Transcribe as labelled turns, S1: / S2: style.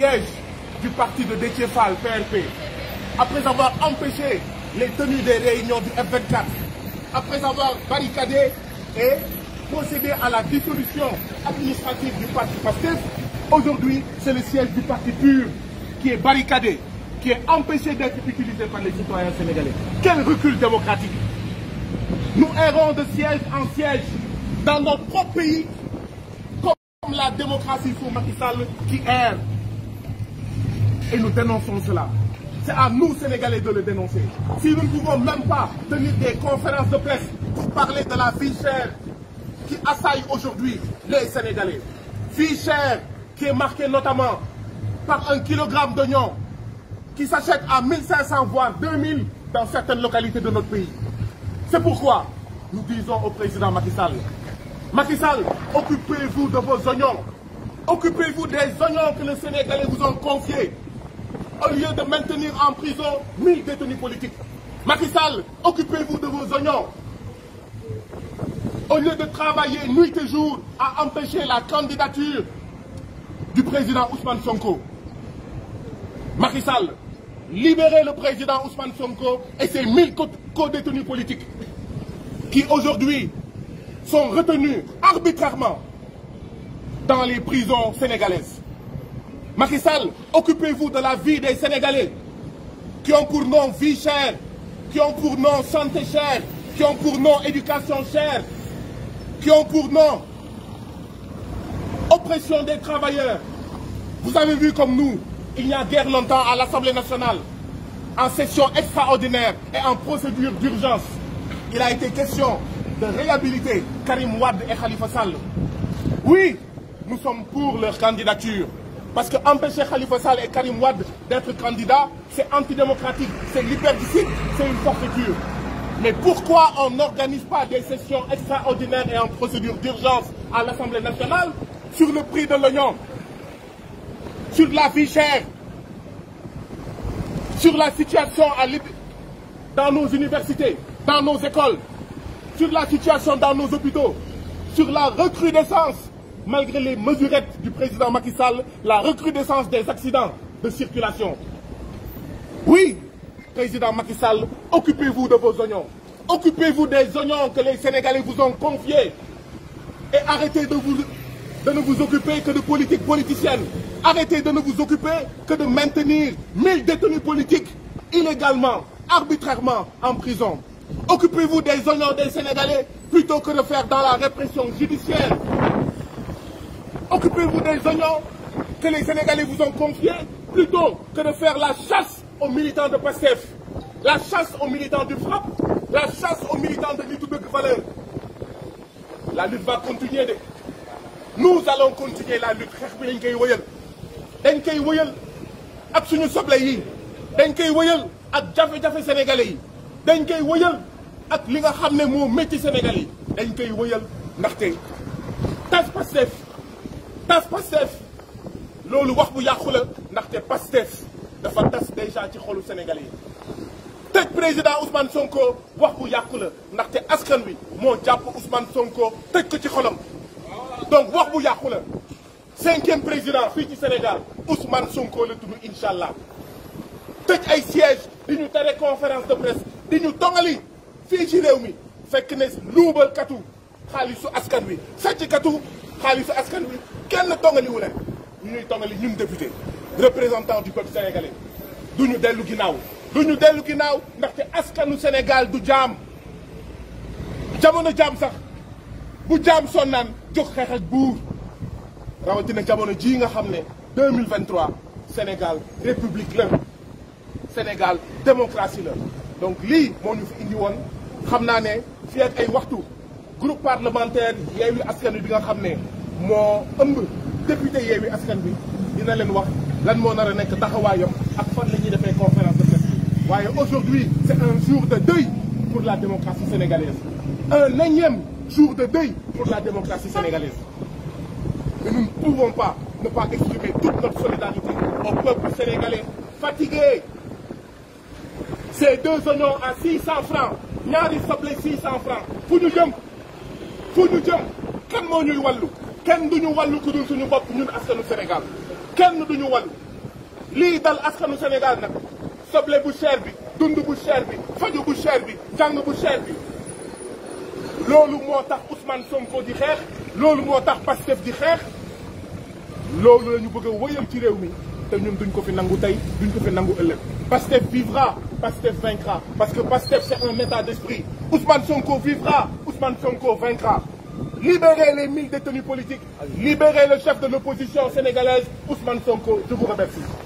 S1: Siège du parti de Détiéfal, PRP, après avoir empêché les tenues des réunions du F24, après avoir barricadé et procédé à la dissolution administrative du parti PASTEF, aujourd'hui c'est le siège du parti PUR qui est barricadé, qui est empêché d'être utilisé par les citoyens sénégalais. Quel recul démocratique! Nous errons de siège en siège dans notre propre pays, comme la démocratie sous Macky qui erre. et nous dénonçons cela. C'est à nous, Sénégalais, de le dénoncer. Si nous ne pouvons même pas tenir des conférences de presse pour parler de la vie chère qui assaille aujourd'hui les Sénégalais. Vie chère qui est marquée notamment par un kilogramme d'oignon qui s'achète à 1500 voire 2000 dans certaines localités de notre pays. C'est pourquoi nous disons au président Macky Sall, Macky Sall, occupez-vous de vos oignons. Occupez-vous des oignons que les Sénégalais vous au lieu de maintenir en prison 1000 détenus politiques. Macky occupez-vous de vos oignons. Au lieu de travailler nuit et jour à empêcher la candidature du président Ousmane Sonko. Macky Sall, libérez le président Ousmane Sonko et ses 1000 co politiques qui aujourd'hui sont retenus arbitrairement dans les prisons sénégalaises. Macky Sall, occupez-vous de la vie des Sénégalais qui ont pour nom vie chère, qui ont pour nom santé chère, qui ont pour nom éducation chère, qui ont pour nom oppression des travailleurs. Vous avez vu comme nous, il n'y a guère longtemps à l'Assemblée nationale, en session extraordinaire et en procédure d'urgence, il a été question de réhabiliter Karim Wad et Khalifa Sall. Oui, nous sommes pour leur candidature. Parce que empêcher Khalifa Sall et Karim Wade d'être candidats, c'est antidémocratique, c'est liberticide, c'est une forfaiture. Mais pourquoi on n'organise pas des sessions extraordinaires et en procédure d'urgence à l'Assemblée nationale sur le prix de l'oignon, sur la vie chère, sur la situation à dans nos universités, dans nos écoles, la situation dans nos hôpitaux, sur la recrudescence malgré les mesurettes du président Macky Sall, la recrudescence des accidents de circulation. Oui, président Macky occupez-vous de vos oignons. Occupez-vous des oignons que les Sénégalais vous ont confiés. Et arrêtez de, vous, de ne vous occuper que de politique politicienne. Arrêtez de ne vous occuper que de maintenir détenus politiques illégalement, arbitrairement en prison. Occupez-vous des oignons des Sénégalais plutôt que de faire dans la répression judiciaire Occupez-vous des oignons que les Sénégalais vous ont confiés plutôt que de faire la chasse aux militants de PASTEF, la chasse aux militants du FRAPP, la chasse aux militants de Nitu Dëgg Valeur. La lutte va continuer de nous allons continuer la lutte xeex bi dañ koy wëyal dañ koy wëyal ak suñu soble yi dañ koy wëyal ak jafe-jafe sénégalais yi dañ koy wëyal ak li nga xam ne moo métti sénégalais yi dañ koy wëyal ndaxte tas Pastef loolu wax bu yàqu la ndaxte Pastef dafa tas déjà ci xolu Sénégal yi tëj président Ousmane Sonko wax bu yàqu la ndaxte askan wi moo jàpp Ousmane Sonko tëj ko ci xolam donc wax bu yàqu la cinquième président fii ci Sénégal Ousmane Sonko la tudd incha allah tëj ay siège di ñu tere conférence de presse di ñu dongali fii ci réew mi fekk ne luubalkatu xaalisu askan wi sàcckatu xaalisu askan bi kenn tongaliwu leen ñu ñuy tongali ñun député représentant du peuple sénégalais du ñu dellu ginnaaw du ñu dellu ginnaaw te askanu Sénégal du jaam jamono jaam sax bu jaam sonnaan jox xeex ak buur rawatina jamono ji nga xam ne 2023 Sénégal république la Sénégal démocratie la donc lii moo ñu fi indi woon xam naa ne fii ak ay waxtu groupe parlementaire Yewwi Askan Wi bi nga xam ne moo ëmb député Yewwi Askan bi dina leen wax lan moo nar a nekk taxawaayam ak fan la defee conférence de presse waaye aujourd'hui c'est un jour de deuil pour la démocratie sénégalaise un énième jour de deuil pour la démocratie sénégalaise mais nous ne pouvons pas ne pas exprimer toute notre solidarité au peuple sénégalais fatigué ces deux oignons à 600 francs ñaari soble 600 francs fu ñu jëm fu ñu jëm kan moo ñuy wàllu kenn du ñu wàllu ku dul suñu bopp ñun askanu senegal kenn du ñu wàllu lii dal askanu Sénégal nag soble bu cher bi dund bu cher bi faju bu cher bi jàng bu cher bi loolu moo tax Ousmane Sonko di xeex loolu moo tax Pastef di xeex loolu la ñu bëgg a wëyal ci réew mi te ñun duñ ko fi nangu tey duñ ko fi nangu ëllëg Pastef vivra Pastef vaincra parce que Pastef c'est un état d'esprit Ousmane Sonko vivra Ousmane Sonko vaincra. Libérez les mille détenus politiques, libérez le chef de l'opposition sénégalaise, Ousmane Sonko. Je vous remercie.